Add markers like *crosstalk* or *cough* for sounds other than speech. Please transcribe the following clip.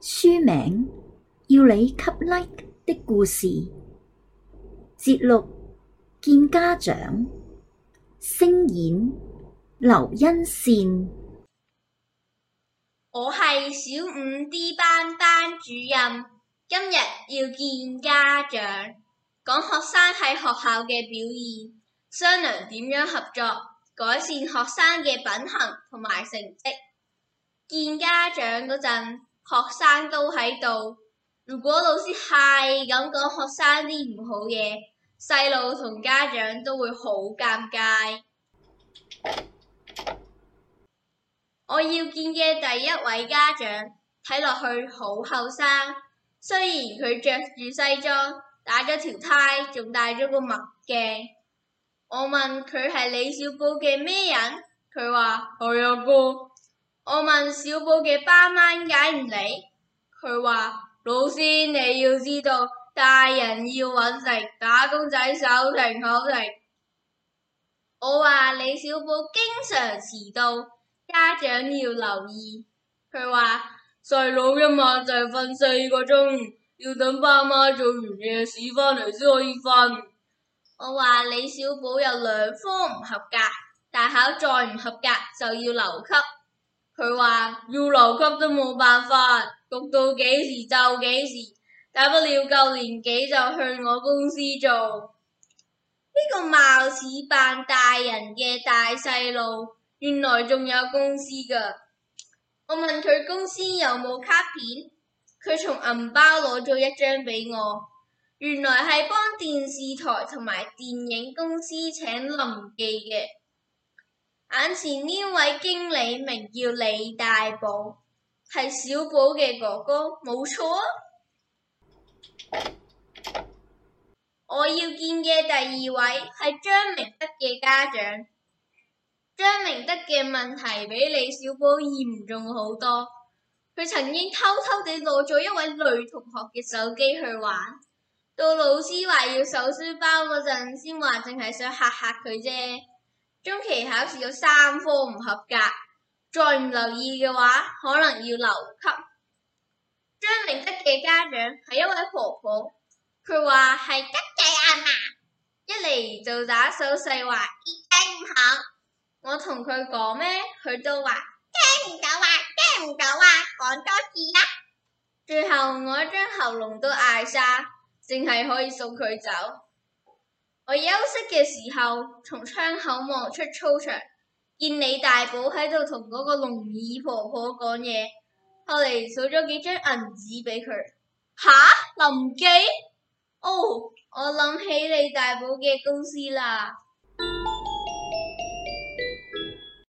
書名：要你給 like 的故事。節錄：見家長。聲演：劉恩善。我係小五 D 班班主任，今日要見家長，講學生喺學校嘅表現，商量點樣合作改善學生嘅品行同埋成績。見家長嗰陣。學生都喺度，如果老師係咁講學生啲唔好嘢，細路同家長都會好尷尬。 *noise* 我要見嘅第一位家長，睇落去好後生，雖然佢着住西裝，打咗條呔，仲戴咗個墨鏡。我問佢係李小寶嘅咩人，佢話係阿哥。 *noise* 我問小寶嘅爸媽點解唔理，佢話：老師你要知道，大人要揾食，打工仔手停口停。我話李小寶經常遲到，家長要留意。佢話細佬一晚就瞓四個鐘，要等爸媽做完夜事翻嚟先可以瞓。我話李小寶有兩科唔合格，大考再唔合格就要留級。佢話要留級都冇辦法，讀到幾時就幾時，大不了夠年紀就去我公司做。呢、這個貌似扮大人嘅大細路，原來仲有公司噶。我問佢公司有冇卡片，佢從銀包攞咗一張俾我，原來係幫電視台同埋電影公司請臨記嘅。眼前呢位經理名叫李大寶，係小寶嘅哥哥，冇錯啊！我要見嘅第二位係張明德嘅家長。張明德嘅問題比李小寶嚴重好多，佢曾經偷偷地攞咗一位女同學嘅手機去玩，到老師話要搜書包嗰陣，先話淨係想吓吓佢啫。中期考試有三科唔合格，再唔留意嘅話，可能要留級。張明德嘅家長係一位婆婆，佢話係德仔阿嫲，一嚟就打手勢話一定唔好。我同佢講咩，佢都話聽唔到啊，聽唔到啊，講多次啦。最後我將喉嚨都嗌晒，淨係可以送佢走。我休息嘅時候，從窗口望出操場，見你大寶喺度同嗰個聾耳婆婆講嘢，後嚟數咗幾張銀紙俾佢。吓，林記？哦、oh，我諗起你大寶嘅公司啦。